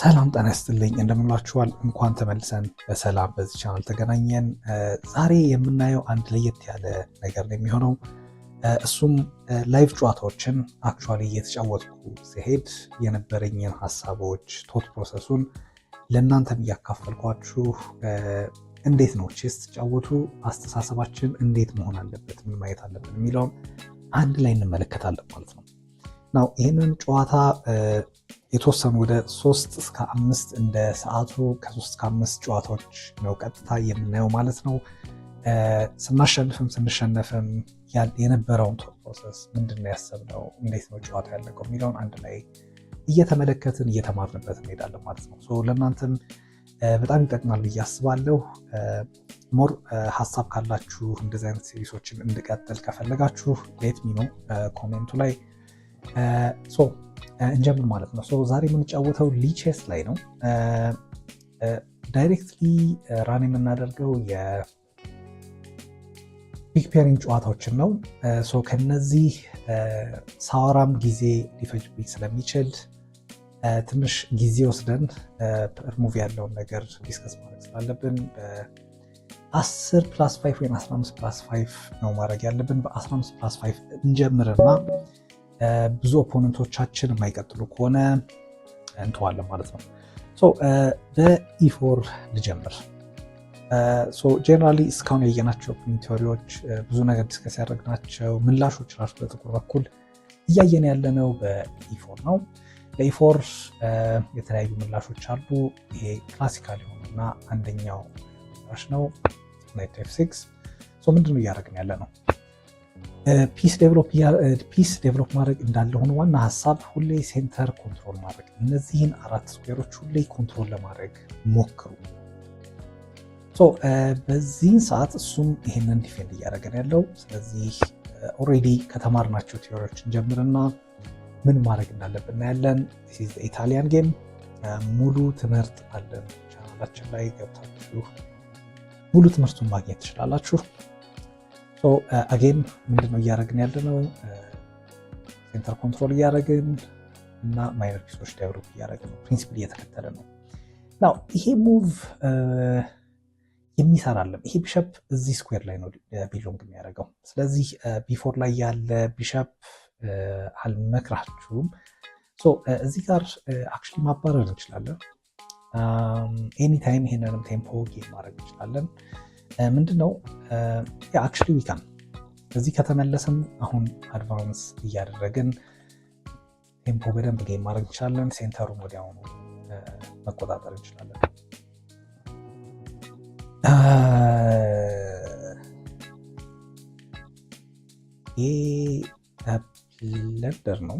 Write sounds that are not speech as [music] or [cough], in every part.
ሰላም ጠነስትልኝ ይስጥልኝ እንደምንላችኋል። እንኳን ተመልሰን በሰላም በዚህ ቻናል ተገናኘን። ዛሬ የምናየው አንድ ለየት ያለ ነገር ነው የሚሆነው። እሱም ላይቭ ጨዋታዎችን አክቹዋሊ እየተጫወትኩ ሲሄድ የነበረኝን ሀሳቦች፣ ቶት ፕሮሰሱን ለእናንተም እያካፈልኳችሁ እንዴት ነው ቼስ ስትጫወቱ አስተሳሰባችን እንዴት መሆን አለበት፣ ምን ማየት አለብን የሚለውን አንድ ላይ እንመለከታለን ማለት ነው። ናው ይህንን ጨዋታ የተወሰኑ ወደ ሶስት እስከ አምስት እንደ ሰዓቱ ከሶስት እስከ አምስት ጨዋታዎች ነው ቀጥታ የምናየው ማለት ነው። ስናሸንፍም ስንሸነፍም የነበረውን ፕሮሰስ ምንድን ነው ያሰብነው፣ እንዴት ነው ጨዋታ ያለቀው የሚለውን አንድ ላይ እየተመለከትን እየተማርንበት እንሄዳለን ማለት ነው። ለእናንተም በጣም ይጠቅማል ብዬ አስባለሁ። ሞር ሀሳብ ካላችሁ እንደዚህ አይነት ሴሪሶችን እንድቀጥል ከፈለጋችሁ ሌት ሚ ነው ኮሜንቱ ላይ እንጀምር ማለት ነው። ዛሬ የምንጫወተው ሊቼስ ላይ ነው። ዳይሬክትሊ ራን የምናደርገው የቢግ ፔሪንግ ጨዋታዎችን ነው። ከነዚህ ሳወራም ጊዜ ሊፈጅብኝ ስለሚችል ትንሽ ጊዜ ወስደን ሙቪ ያለውን ነገር ዲስከስ ማድረግ ስላለብን በ10 ፕላስ 5 ወይም 15 ፕላስ 5 ነው ማድረግ ያለብን። በ15 ፕላስ 5 እንጀምርና ብዙ ኦፖነንቶቻችን የማይቀጥሉ ከሆነ እንተዋለን ማለት ነው። በኢፎር e ልጀምር። ጀነራሊ እስካሁን ያየናቸው ቴዎሪዎች ብዙ ነገር ዲስከስ ያደረግናቸው ምላሾች ራሱ በጥቁር በኩል እያየን ያለነው በኢፎር ነው። ለኢፎር የተለያዩ ምላሾች አሉ። ይሄ ክላሲካል የሆኑና አንደኛው ምላሽ ነው ናይት ኤፍ ሲክስ። ምንድነው እያደረግን ያለ ነው? ፒስ ዴቨሎፕ ማድረግ እንዳለ ሆኖ ዋና ሀሳብ ሁሌ ሴንተር ኮንትሮል ማድረግ፣ እነዚህን አራት ስኩዌሮች ሁሌ ኮንትሮል ለማድረግ ሞክሩ። በዚህን ሰዓት እሱም ይህንን ዲፌንድ እያደረገን ያለው ስለዚህ ኦሬዲ ከተማርናቸው ቲዎሪዎችን ጀምርና ምን ማድረግ እንዳለብን እናያለን። ኢታሊያን ጌም ሙሉ ትምህርት አለን። ቻናላችን ላይ ገብታችሁ ሙሉ ትምህርቱን ማግኘት ትችላላችሁ። አጌን ምንድን ነው እያደረግን ያለ ነው? ሴንተር ኮንትሮል እያደረግን እና ማይነር ፒሶች ዳይቨሎፕ እያደረግን ነው። ፕሪንሲፕል እየተከተለ ነው። ናው ይሄ ሙቭ uh, የሚሰራ አለም። ይሄ ቢሸፕ እዚህ ስኩዌር ላይ ነው ቢሎንግ የሚያደርገው። ስለዚህ ቢፎር uh, ላይ ያለ ቢሸፕ uh, አልመክራችሁም። እዚህ ጋር አክቹሊ ማባረር እንችላለን። ኤኒታይም um, ይሄንንም ቴምፖ ጌ ማድረግ እንችላለን። ምንድነው አክሽን ዊካም እዚህ ከተመለስን አሁን አድቫንስ እያደረግን ቴምፖ በደንብ ጌም ማድረግ እንችላለን። ሴንተሩን ወዲያውኑ መቆጣጠር እንችላለን። ይሄ ብለንደር ነው።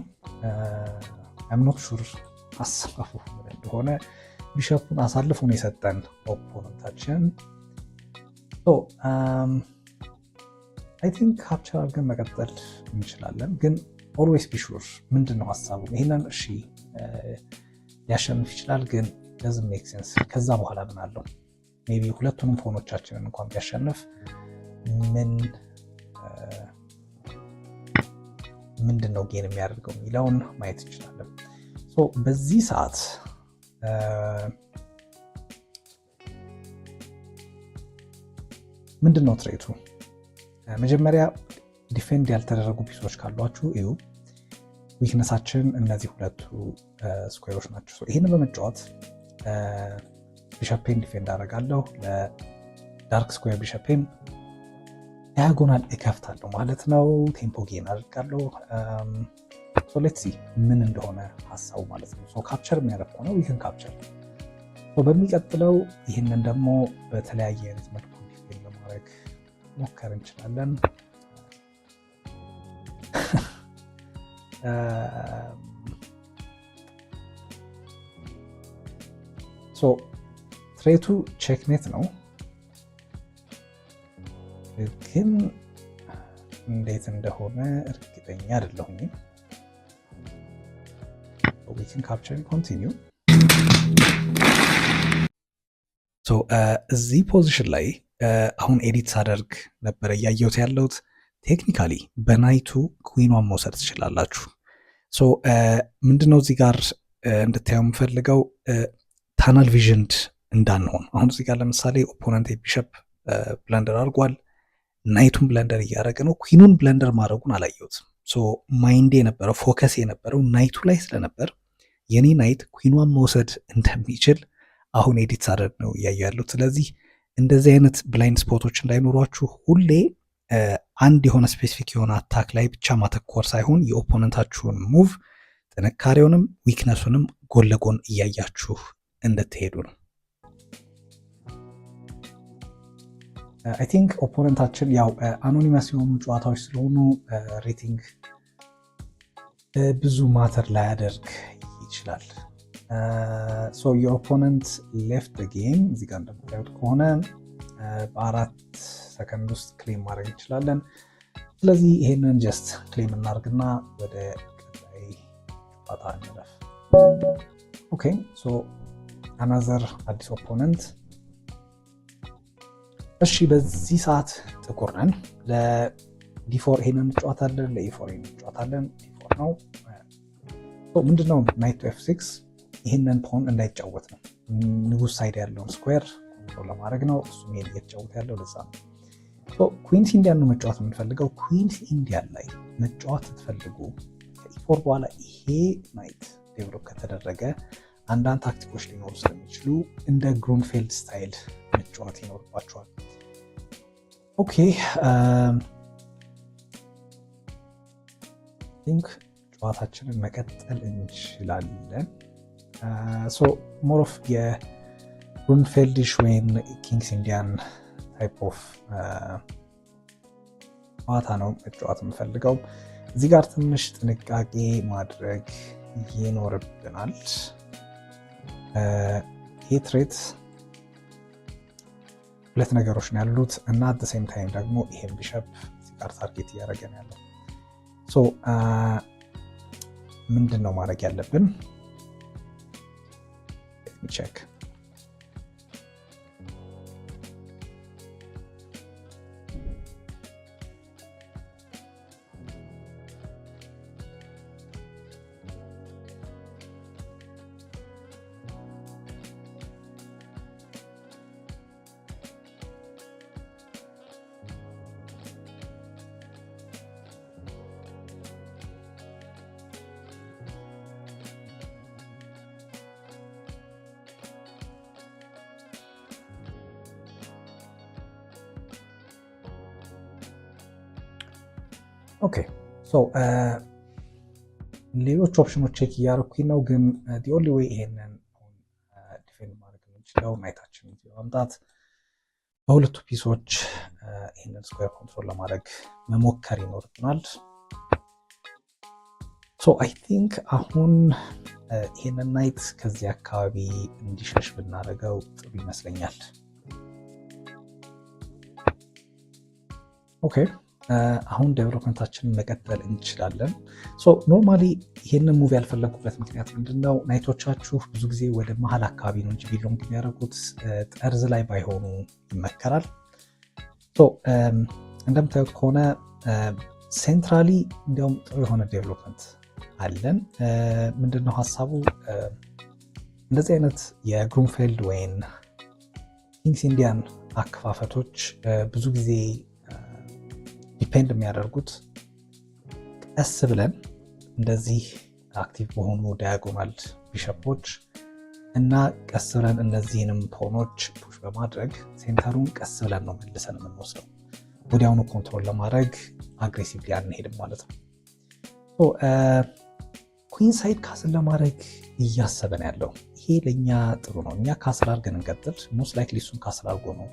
አምኖት ሹር አሰፋፉ እንደሆነ ቢሸፑን አሳልፉን የሰጠን ኦፖነንታችን አይ ቲንክ ካፕቸር አድርገን መቀጠል እንችላለን፣ ግን ኦልዌይስ ቢሹር ምንድን ነው ሀሳቡ? ይህንን እሺ ሊያሸንፍ ይችላል፣ ግን ደዝን ሜክ ሴንስ። ከዛ በኋላ ምን አለው? ሜቢ ሁለቱንም ፎኖቻችንን እንኳን ቢያሸንፍ ምን ምንድን ነው ጌን የሚያደርገው የሚለውን ማየት እንችላለን በዚህ ሰዓት ምንድን ነው ትሬቱ? መጀመሪያ ዲፌንድ ያልተደረጉ ፒሶች ካሏችሁ እዩ። ዊክነሳችን እነዚህ ሁለቱ ስኩዌሮች ናቸው። ይህን በመጫወት ቢሸፔን ዲፌንድ አደርጋለሁ፣ ለዳርክ ስኩዌር ቢሸፔን ዳያጎናል እከፍታለሁ ማለት ነው። ቴምፖ ጌን አደርጋለሁ። ሌትሲ ምን እንደሆነ ሀሳቡ ማለት ነው። ካፕቸር የሚያደርግ ከሆነ ይህን ካፕቸር በሚቀጥለው ይህንን ደግሞ በተለያየ አይነት መልኩ ለማድረግ ሞከር እንችላለን። [laughs] ትሬቱ ቼክሜት ነው፣ ግን እንዴት እንደሆነ እርግጠኛ አይደለሁም። ካፕቸርን ኮንቲኒው uh, እዚህ ፖዚሽን ላይ አሁን ኤዲት ሳደርግ ነበረ እያየሁት ያለሁት። ቴክኒካሊ በናይቱ ኩዊኗን መውሰድ ትችላላችሁ። ሶ ምንድነው እዚህ ጋር እንድታየው የምፈልገው ታናል ቪዥንድ እንዳንሆን። አሁን እዚህ ጋር ለምሳሌ ኦፖነንት ቢሸፕ ብለንደር አድርጓል። ናይቱን ብለንደር እያደረገ ነው። ኩዊኑን ብለንደር ማድረጉን አላየሁትም። ሶ ማይንድ የነበረው ፎከስ የነበረው ናይቱ ላይ ስለነበር የኔ ናይት ኩዊኗን መውሰድ እንደሚችል አሁን ኤዲት ሳደርግ ነው እያየሁ ያለሁት። ስለዚህ እንደዚህ አይነት ብላይንድ ስፖቶች እንዳይኖሯችሁ ሁሌ አንድ የሆነ ስፔሲፊክ የሆነ አታክ ላይ ብቻ ማተኮር ሳይሆን የኦፖነንታችሁን ሙቭ ጥንካሬውንም ዊክነሱንም ጎን ለጎን እያያችሁ እንድትሄዱ ነው። አይ ቲንክ ኦፖነንታችን ያው አኖኒመስ የሆኑ ጨዋታዎች ስለሆኑ ሬቲንግ ብዙ ማተር ላያደርግ ይችላል። ዮር ኦፖነንት ሌፍት ጌም እዚህ ጋር እንደምታዩት ከሆነ uh, በአራት ሰከንድ ውስጥ ክሌም ማድረግ እንችላለን። ስለዚህ ይሄንን ጀስት ክሌም እናርግና ወደ ቀጣይ ጨዋታ እንለፍ። ኦኬ ሶ አናዘር አዲስ ኦፖነንት። እሺ በዚህ ሰዓት ጥቁር ነን። ለዲፎር ይሄንን እንጫወታለን፣ ለኢፎር ይሄንን እንጫወታለን። ዲፎር ነው ምንድነው ናይት ኤፍ ሲክስ ይህንን ፖን እንዳይጫወት ነው። ንጉስ ሳይድ ያለውን ስኩዌር ኮንትሮል ለማድረግ ነው። እሱም ይሄን እየተጫወተ ያለው ለዛ ነው። ኩዊንስ ኢንዲያን ነው መጫወት የምንፈልገው። ኩዊንስ ኢንዲያን ላይ መጫወት ስትፈልጉ ከኢፎር በኋላ ይሄ ናይት ዴቨሎፕ ከተደረገ አንዳንድ ታክቲኮች ሊኖሩ ስለሚችሉ እንደ ግሩንፌልድ ስታይል መጫወት ይኖርባቸዋል። ኦኬ ጨዋታችንን መቀጠል እንችላለን። Uh, so more of a Grunfeldish ወይም ኪንግስ ኢንዲያን ታይፕ ኦፍ ጨዋታ ነው መጫወት የምፈልገው። እዚህ ጋር ትንሽ ጥንቃቄ ማድረግ ይኖርብናል። ይህ uh, ትሬት ሁለት ነገሮች ነው ያሉት እና አት ሴም ታይም ደግሞ ይሄን ቢሸፕ እዚህ ጋር ታርጌት እያደረገ ነው ያለው። uh, ምንድን ነው ማድረግ ያለብን? check. ኦኬ ሶ ሌሎች ኦፕሽኖች ቼክ እያደረኩኝ ነው፣ ግን ዲ ኦንሊ ዌይ ይሄንን ዲፌንድ ማድረግ የምንችለው ናይታችን ማምጣት በሁለቱ ፒሶች ይህንን ስኩዌር ኮንትሮል ለማድረግ መሞከር ይኖርብናል። ሶ አይ ቲንክ አሁን ይህንን ናይት ከዚህ አካባቢ እንዲሸሽ ብናደርገው ጥሩ ይመስለኛል። ኦኬ አሁን ዴቨሎፕመንታችንን መቀጠል እንችላለን። ኖርማሊ ይህንን ሙቪ ያልፈለግኩበት ምክንያት ምንድነው? ናይቶቻችሁ ብዙ ጊዜ ወደ መሀል አካባቢ ነው እንጂ ቢሎንግ የሚያደርጉት ጠርዝ ላይ ባይሆኑ ይመከራል። እንደምታዩት ከሆነ ሴንትራሊ እንዲያውም ጥሩ የሆነ ዴቨሎፕመንት አለን። ምንድነው ሀሳቡ? እንደዚህ አይነት የግሩንፌልድ ወይን ኪንግስ ኢንዲያን አከፋፈቶች ብዙ ጊዜ ዲፔንድ የሚያደርጉት ቀስ ብለን እንደዚህ አክቲቭ በሆኑ ዳያጎናል ቢሸፖች እና ቀስ ብለን እነዚህንም ፖኖች ፑሽ በማድረግ ሴንተሩን ቀስ ብለን ነው መልሰን የምንወስደው። ወዲያውኑ ኮንትሮል ለማድረግ አግሬሲቭ አንሄድም ማለት ነው። ሳይድ ካስል ለማድረግ እያሰበን ያለው ይሄ ለእኛ ጥሩ ነው። እኛ ካስል አድርገን እንቀጥል። ሞስት ላይክ ሊሱን ካስል አድርጎ ነው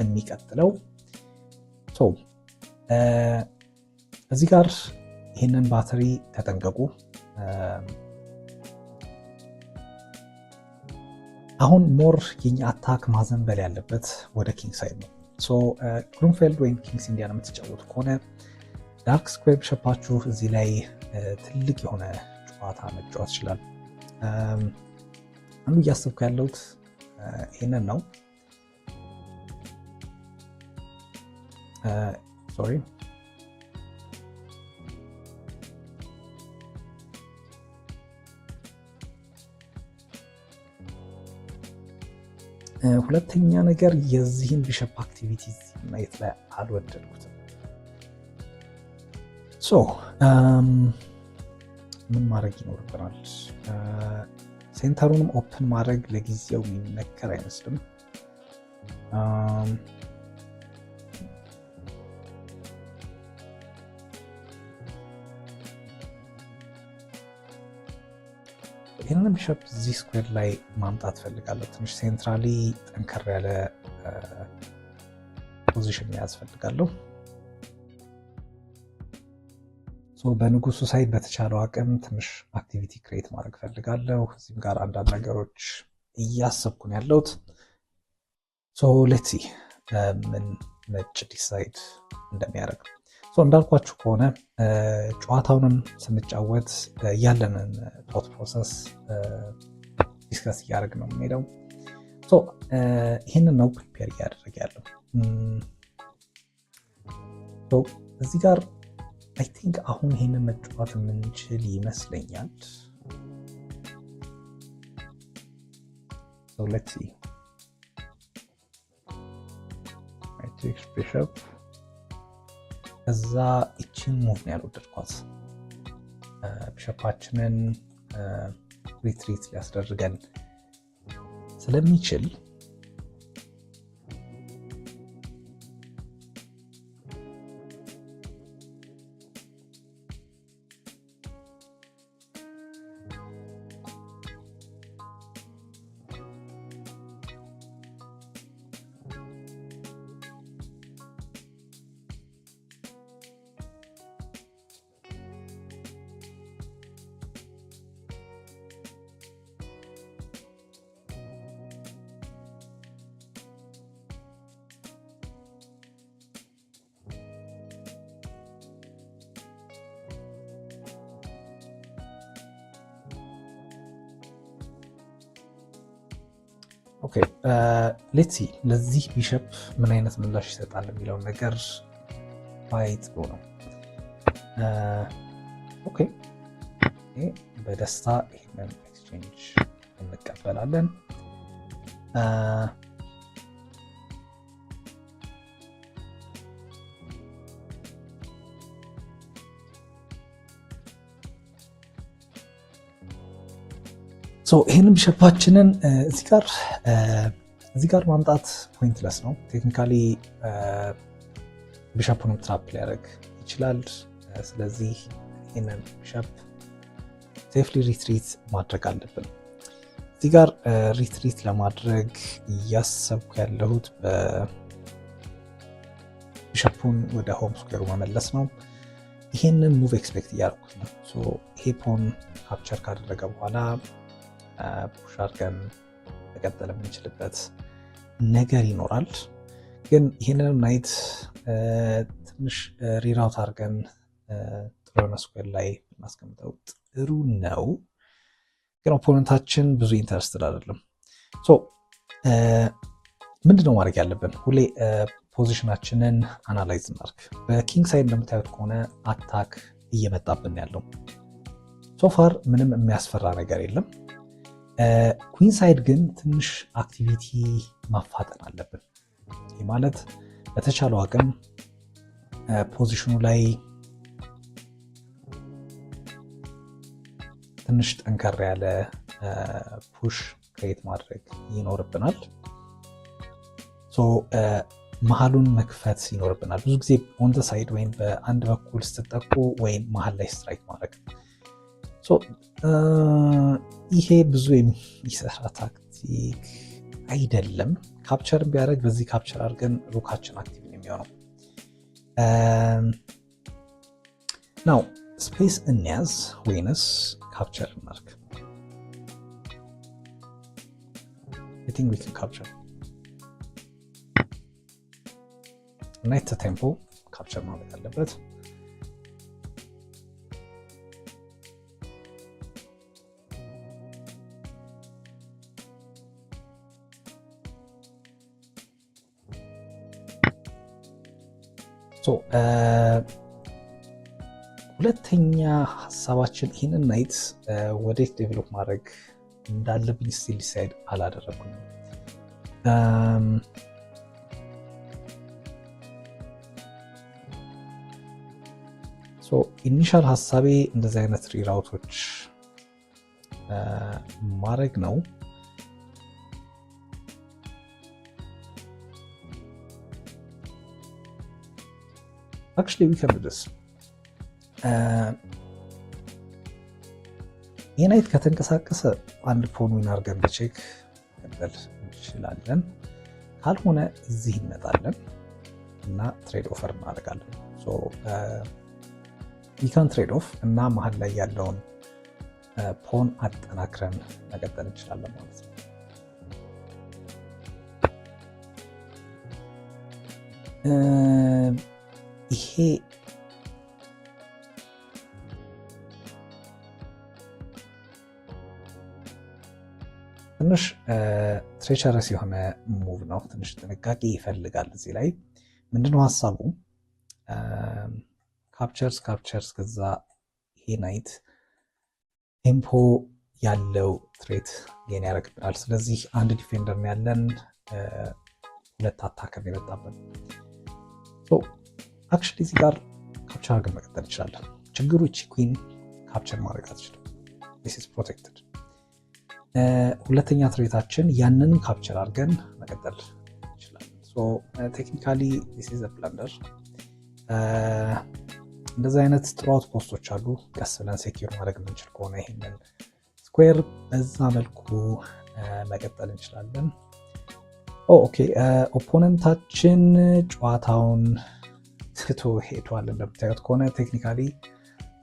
የሚቀጥለው። እዚህ ጋር ይህንን ባትሪ ተጠንቀቁ። አሁን ሞር የኛ አታክ ማዘንበል ያለበት ወደ ኪንግ ሳይድ ነው። ግሩንፌልድ ወይም ኪንግስ ኢንዲያን የምትጫወቱ ከሆነ ዳርክ ስኩዌር ቢሸፓችሁ እዚህ ላይ ትልቅ የሆነ ጨዋታ መጫወት ይችላል። አንዱ እያሰብኩ ያለሁት ይህንን ነው። sorry. ሁለተኛ ነገር የዚህን ቢሸፕ አክቲቪቲ ማየት ላይ አልወደድኩትም። ሶ ምን ማድረግ ይኖርብናል? ሴንተሩንም ኦፕን ማድረግ ለጊዜው የሚመከር አይመስልም። አሁንም ቢሸፕ እዚህ ስኩዌር ላይ ማምጣት ፈልጋለሁ። ትንሽ ሴንትራሊ ጠንከር ያለ ፖዚሽን መያዝ ፈልጋለሁ። በንጉሱ ሳይድ በተቻለው አቅም ትንሽ አክቲቪቲ ክሬት ማድረግ ፈልጋለሁ። እዚህም ጋር አንዳንድ ነገሮች እያሰብኩን ያለሁት ሶ ሌትሲ ምን ነጭ ዲሳይድ እንደሚያደርግ እንዳልኳችሁ ከሆነ ጨዋታውንም ስንጫወት ያለንን ቶት ፕሮሰስ ዲስከስ እያደረግ ነው የምንሄደው። ይህንን ነው ፕሪፔር እያደረግ ያለው እዚህ ጋር አይ ቲንክ አሁን ይህንን መጫወት የምንችል ይመስለኛል። ሌትስ ሲ ከዛ ይችን ሙቭ ነው ያልወደድኳት። ቢሸፓችንን ሪትሪት ሊያስደርገን ስለሚችል ኦኬ ሌትሲ ለዚህ ቢሸፕ ምን አይነት ምላሽ ይሰጣል የሚለውን ነገር ማየት ጥሩ ነው። ኦኬ በደስታ ይህንን ኤክስቼንጅ እንቀበላለን። ይህንም ሸፓችንን እዚህ ጋር እዚህ ጋር ማምጣት ፖይንትለስ ነው። ቴክኒካሊ ቢሻፑንም ትራፕ ሊያደርግ ይችላል። ስለዚህ ይህንን ቢሻፕ ሴፍሊ ሪትሪት ማድረግ አለብን። እዚህ ጋር ሪትሪት ለማድረግ እያሰብኩ ያለሁት ቢሻፑን ወደ ሆም ስኩዌሩ መመለስ ነው። ይሄንን ሙቭ ኤክስፔክት እያደረኩት ነው። ይሄ ፖን ካፕቸር ካደረገ በኋላ ፑሽ አድርገን መቀጠል የምንችልበት ነገር ይኖራል። ግን ይህንን ናይት ትንሽ ሪራውት አድርገን ጥሩ የሆነ ስኩዌር ላይ ብናስቀምጠው ጥሩ ነው። ግን ኦፖነንታችን ብዙ ኢንተረስትድ አይደለም። ሶ ምንድነው ማድረግ ያለብን? ሁሌ ፖዚሽናችንን አናላይዝ እናርግ። በኪንግ ሳይድ እንደምታዩት ከሆነ አታክ እየመጣብን ያለው ሶፋር ምንም የሚያስፈራ ነገር የለም። ኩንሳይድ ግን ትንሽ አክቲቪቲ ማፋጠን አለብን። ይህ ማለት በተቻለው አቅም ፖዚሽኑ ላይ ትንሽ ጠንከር ያለ ፑሽ ክሬት ማድረግ ይኖርብናል። መሀሉን መክፈት ይኖርብናል። ብዙ ጊዜ ኦንተ ሳይድ ወይም በአንድ በኩል ስትጠቁ ወይም መሀል ላይ ስትራይክ ማድረግ ይሄ ብዙ የሚሰራ ታክቲክ አይደለም። ካፕቸር ቢያደረግ በዚህ ካፕቸር አድርገን ሩካችን አክቲቭ የሚሆነው። ናው ስፔስ እንያዝ ወይንስ ካፕቸር እናድርግ? እና ቴምፖ ካፕቸር ማለት አለበት ሁለተኛ ሀሳባችን ይህንን ናይት ወዴት ዴቨሎፕ ማድረግ እንዳለብኝ ስቲል ዲሳይድ አላደረጉም ኢኒሻል ሀሳቤ እንደዚህ አይነት ሪራውቶች ማድረግ ነው። Actually, we can do this. ዩናይት ከተንቀሳቀሰ አንድ ፖን ዊን አድርገን ቼክ መቀጠል እንችላለን። ካልሆነ እዚህ እንመጣለን እና ትሬድ ኦፈር እናደርጋለን። ዊካን ትሬድ ኦፍ እና መሀል ላይ ያለውን ፖን አጠናክረን መቀጠል እንችላለን ማለት ነው። Uh, dije, ትንሽ ትሬቸረስ የሆነ ሙቭ ነው። ትንሽ ጥንቃቄ ይፈልጋል። እዚህ ላይ ምንድነው ሀሳቡ? ካፕቸርስ ካፕቸርስ፣ ከዛ ይሄ ናይት ቴምፖ ያለው ትሬት ጌን ያደርግብናል። ስለዚህ አንድ ዲፌንደር ያለን ሁለት አታከም የመጣበት አክቹዋሊ እዚህ ጋር ካፕቸር አድርገን መቀጠል እንችላለን። ችግሩ እቺ ኩዊን ካፕቸር ማድረግ አትችልም። ዲስ ፕሮቴክትድ። ሁለተኛ ትሬታችን ያንን ካፕቸር አድርገን መቀጠል ይችላለን። ቴክኒካሊ ዲስ ኢዝ ፕላንደር። እንደዚህ አይነት ጥራት ፖስቶች አሉ። ቀስ ብለን ሴኪር ማድረግ የምንችል ከሆነ ይሄንን ስኩዌር በዛ መልኩ መቀጠል እንችላለን። ኦኬ ኦፖነንታችን ጨዋታውን ዘግቶ ሄዷል። እንደምታዩት ከሆነ ቴክኒካሊ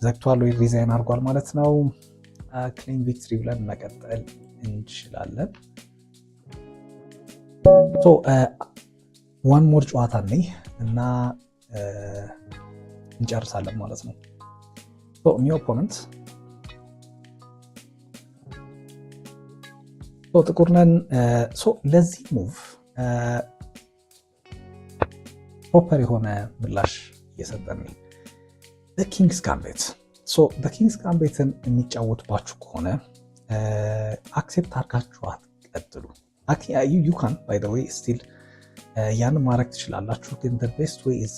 ዘግቷል ወይ ሪዛይን አድርጓል ማለት ነው። ክሊን ቪክትሪ ብለን መቀጠል እንችላለን። ዋን ሞር ጨዋታ ነኝ እና እንጨርሳለን ማለት ነው። ኒው ኦፖነንት ጥቁርነን ለዚህ ሙቭ ፕሮፐር የሆነ ምላሽ እየሰጠን በኪንግስ ጋምቤት በኪንግስ ጋምቤትን የሚጫወትባችሁ ከሆነ አክሴፕት አርጋችኋት ቀጥሉ ዩካን ባይ ዘ ዌይ ስቲል ያን ማድረግ ትችላላችሁ፣ ግን ዘ ቤስት ዌይ ኢዝ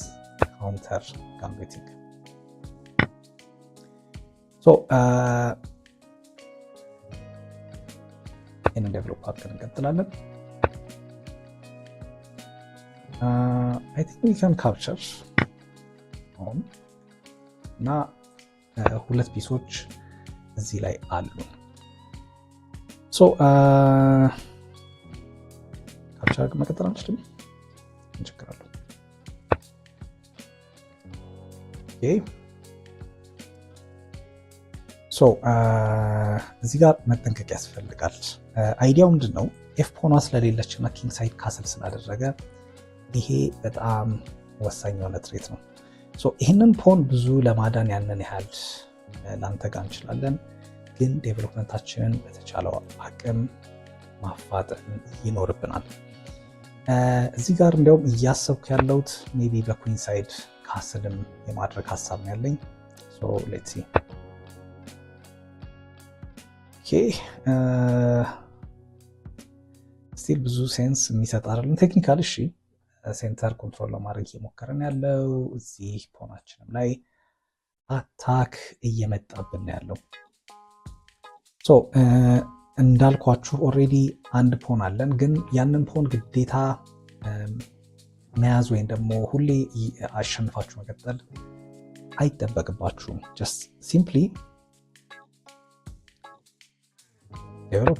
ካውንተር ጋምቤቲንግ ይህንን ዴቨሎፕ አድርገን እንቀጥላለን። Uh, I think we can capture on እና uh, ሁለት ፒሶች እዚህ ላይ አሉ። ሶ ካፕቸር uh, መቀጠል አንችልም፣ እንቸግራለን። uh, እዚህ ጋር መጠንቀቅ ያስፈልጋል። አይዲያው ምንድን ነው? ኤፍ ፖኗ ስለሌለች እና ኪንግ ሳይድ ካስል ስላደረገ ይሄ በጣም ወሳኝ የሆነ ትሬት ነው። ይህንን ፖን ብዙ ለማዳን ያንን ያህል ላንተጋ እንችላለን፣ ግን ዴቨሎፕመንታችንን በተቻለው አቅም ማፋጠን ይኖርብናል። እዚህ ጋር እንዲያውም እያሰብኩ ያለውት ቢ በኩዊን ሳይድ ካስልም የማድረግ ሀሳብ ነው ያለኝ። ሌትሲ ስቲል ብዙ ሴንስ የሚሰጥ አይደለም ቴክኒካል እሺ ሴንተር ኮንትሮል ለማድረግ እየሞከረን ያለው እዚህ ፖናችንም ላይ አታክ እየመጣብን ያለው ሶ እንዳልኳችሁ ኦሬዲ አንድ ፖን አለን፣ ግን ያንን ፖን ግዴታ መያዝ ወይም ደግሞ ሁሌ አሸንፋችሁ መቀጠል አይጠበቅባችሁም። ጀስት ሲምፕሊ ዴቨሎፕ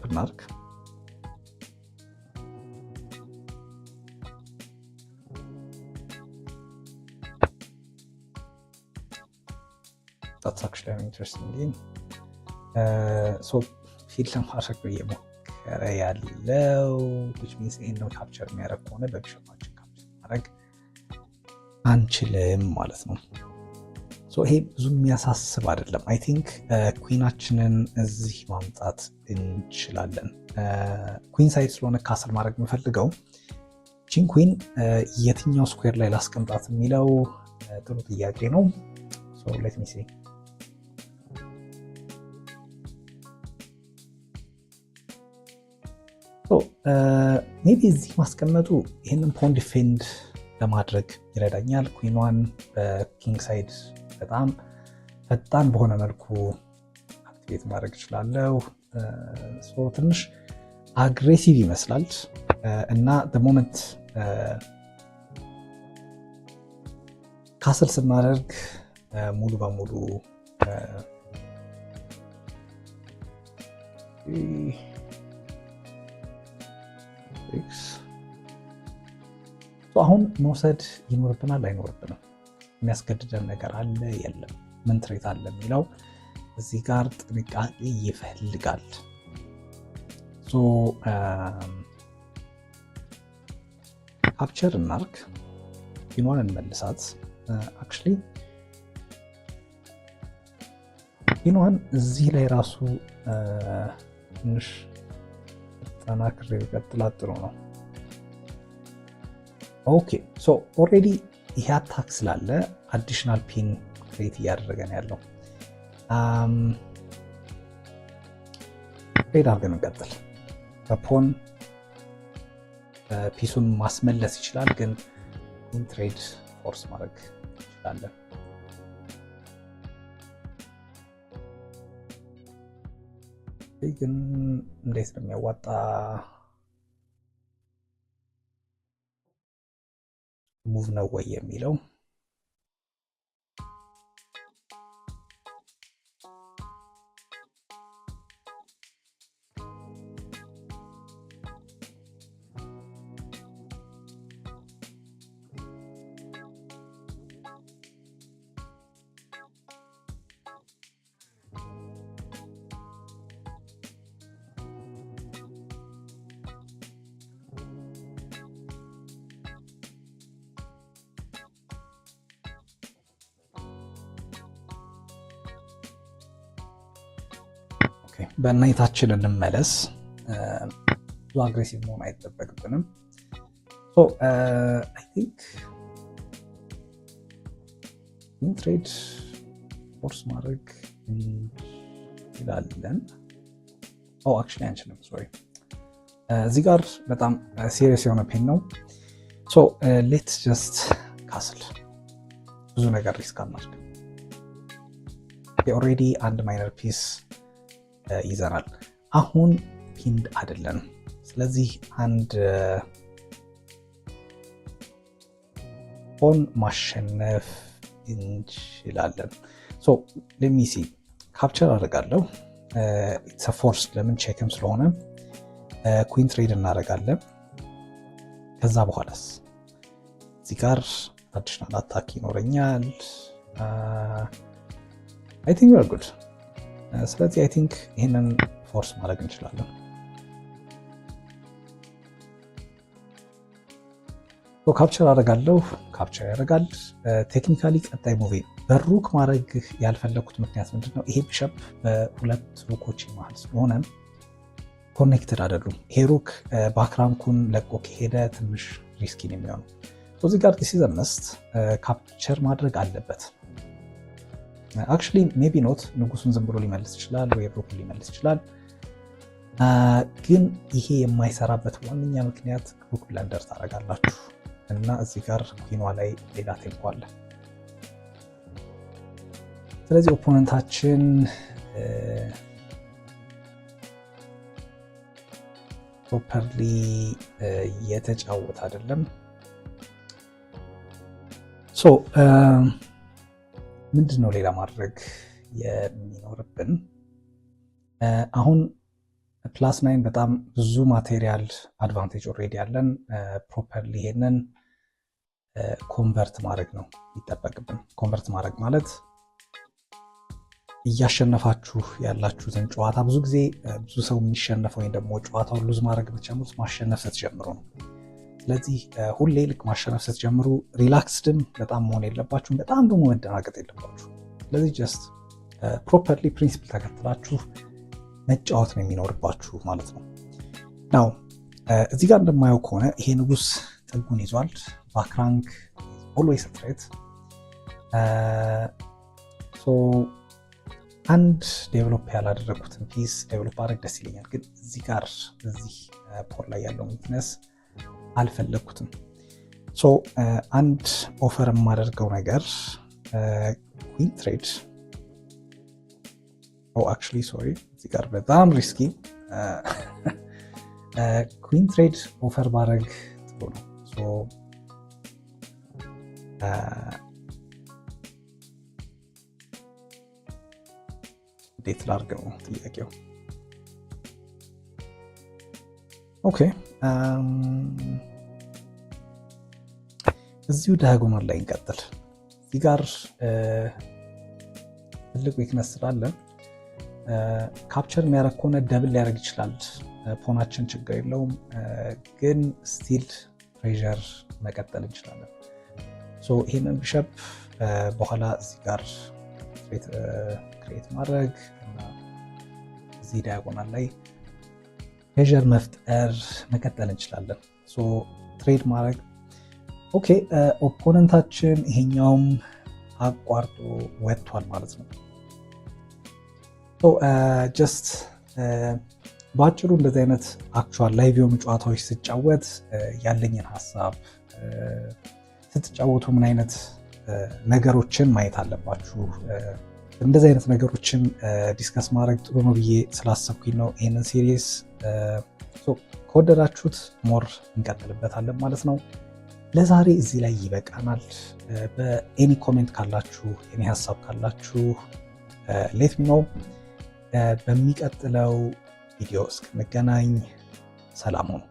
that's actually an interesting game ሶ ፊል ለማድረግ እየሞከረ ያለው which means ይሄን ነው ካፕቸር የሚያደርግ ከሆነ በቢሾፓችን ካፕቸር ማድረግ አንችልም ማለት ነው። ይሄ ብዙ የሚያሳስብ አይደለም። አይ ቲንክ ኩናችንን እዚህ ማምጣት እንችላለን። ኩን uh, ሳይድ ስለሆነ ካስል ማድረግ የምፈልገው ቺን ኩን uh, የትኛው ስኩዌር ላይ ላስቀምጣት የሚለው uh, ጥሩ ጥያቄ ነው። ሌት ሚ ሜቢ እዚህ ማስቀመጡ ይህንን ፖን ዲፌንድ ለማድረግ ይረዳኛል። ኩንዋን በኪንግ ሳይድ በጣም ፈጣን በሆነ መልኩ አክቲቬት ማድረግ እችላለሁ። ትንሽ አግሬሲቭ ይመስላል እና ሞመንት ካስል ስናደርግ ሙሉ በሙሉ ኤክስ አሁን መውሰድ ይኖርብናል አይኖርብንም? የሚያስገድደን ነገር አለ የለም? ምን ትሬት አለ የሚለው እዚህ ጋር ጥንቃቄ ይፈልጋል። ካፕቸር እናርግ፣ ፊኗን እንመልሳት። አክቹዋሊ uh, ፊኗን እዚህ ላይ ራሱ uh, ትንሽ አጠናክሬ ቀጥላት ጥሩ ነው። ኦኬ ሶ ኦልሬዲ ይሄ አታክ ስላለ አዲሽናል ፒን ክሬት እያደረገ ነው ያለው። ሬድ አድርገን እንቀጥል። በፖን ፒሱን ማስመለስ ይችላል፣ ግን ኢንትሬድ ፎርስ ማድረግ ይችላለን። ግን እንዴት ነው የሚያዋጣ? ሙቭ ነው ወይ የሚለው በእናይታችን እንመለስ። ብዙ አግሬሲቭ መሆን አይጠበቅብንም። አይ ቲንክ ኢንትሬድ ፎርስ ማድረግ እንችላለን። አክሽን አንችልም። እዚህ ጋር በጣም ሲሪየስ የሆነ ፔን ነው። ሌት ጀስት ካስል ብዙ ነገር ሪስክ አናርግ ኦሬዲ አንድ ማይነር ፒስ ይዘናል። አሁን ፒንድ አይደለንም። ስለዚህ አንድ ሆን ማሸነፍ እንችላለን። ሶ ለሚሲ ካፕቸር አደርጋለሁ። ኢትስ ፎርስ ለምን ቼክም ስለሆነ ኩዊን ትሬድ እናደርጋለን። ከዛ በኋላስ እዚህ ጋር አዲሽናል አታክ ይኖረኛል። አይ ቲንክ ጉድ Uh, ስለዚህ አይ ቲንክ ይህንን ፎርስ ማድረግ እንችላለን። ካፕቸር አደርጋለሁ፣ ካፕቸር ያደርጋል። ቴክኒካሊ uh, ቀጣይ ሙቪ በሩክ ማድረግ ያልፈለግኩት ምክንያት ምንድነው ይሄ ቢሸፕ በሁለት ሩኮች ይመል ስለሆነ ኮኔክትድ አይደሉም። ይሄ ሩክ ባክራንኩን uh, ለቆ ከሄደ ትንሽ ሪስኪን የሚሆኑ እዚህ ጋር ዲሲዘን መስት ካፕቸር ማድረግ አለበት። አክቹሊ ሜቢ ኖት ንጉሱን ዝም ብሎ ሊመልስ ይችላል፣ ወይ ሮክን ሊመልስ ይችላል። uh, ግን ይሄ የማይሰራበት ዋነኛ ምክንያት ሩክ ብለንደር ታደርጋላችሁ እና እዚህ ጋር ኩኗ ላይ ሌላ ቴንኳለ ስለዚህ ኦፖነንታችን ፕሮፐርሊ uh, uh, የተጫወተ አይደለም um, ምንድን ነው ሌላ ማድረግ የሚኖርብን? አሁን ፕላስ ናይን በጣም ብዙ ማቴሪያል አድቫንቴጅ ኦሬዲ ያለን ፕሮፐርሊ ይሄንን ኮንቨርት ማድረግ ነው ይጠበቅብን። ኮንቨርት ማድረግ ማለት እያሸነፋችሁ ያላችሁትን ጨዋታ ብዙ ጊዜ ብዙ ሰው የሚሸነፈው ወይም ደግሞ ጨዋታውን ሉዝ ማድረግ ብቻ ማሸነፍ ስትጀምሩ ነው። ስለዚህ ሁሌ ልክ ማሸነፍ ስትጀምሩ ሪላክስድም በጣም መሆን የለባችሁም፣ በጣም ደግሞ መደናገጥ የለባችሁ። ስለዚህ ጀስት ፕሮፐርሊ ፕሪንሲፕል ተከትላችሁ መጫወት ነው የሚኖርባችሁ ማለት ነው። ናው እዚህ ጋር እንደማየው ከሆነ ይሄ ንጉስ ጥጉን ይዟል። ባክራንክ ኦልዌይስ ስትሬት አንድ ዴቨሎፕ ያላደረጉትን ፒስ ዴቨሎፕ አድረግ ደስ ይለኛል፣ ግን እዚህ ጋር እዚህ ፖር ላይ ያለው ዊክነስ አልፈለግኩትም። ሶ uh, አንድ ኦፈር የማደርገው ነገር ኩዊን ትሬድ ሶሪ እዚህ ጋር በጣም ሪስኪ ኩን ትሬድ ኦፈር ማድረግ ጥሩ ነው። uh, እንዴት ነው ጥያቄው? ኦኬ um, እዚሁ ዳያጎናል ላይ እንቀጥል። እዚህ ጋር ትልቅ ዊክነስ ስላለን ካፕቸር የሚያደርግ ከሆነ ደብል ሊያደረግ ይችላል። ፖናችን ችግር የለውም፣ ግን ስቲል ፕሬር መቀጠል እንችላለን። ይህንን ብሸፕ በኋላ እዚህ ጋር ክሬት ማድረግ እና እዚህ ዳያጎናል ላይ ፕሬር መፍጠር መቀጠል እንችላለን። ትሬድ ማድረግ ኦኬ ኦፖነንታችን ይሄኛውም አቋርጦ ወጥቷል ማለት ነው። ጀስት በአጭሩ እንደዚህ አይነት አክቹዋል ላይቭ የሆኑ ጨዋታዎች ስጫወት ያለኝን ሀሳብ ስትጫወቱ ምን አይነት ነገሮችን ማየት አለባችሁ፣ እንደዚህ አይነት ነገሮችን ዲስከስ ማድረግ ጥሩ ነው ብዬ ስላሰብኩኝ ነው ይህንን ሲሪስ ከወደዳችሁት ሞር እንቀጥልበታለን ማለት ነው። ለዛሬ እዚህ ላይ ይበቃናል። በኤኒ ኮሜንት ካላችሁ ኤኒ ሀሳብ ካላችሁ ሌት ነው። በሚቀጥለው ቪዲዮ እስክንገናኝ ሰላም ሁኑ።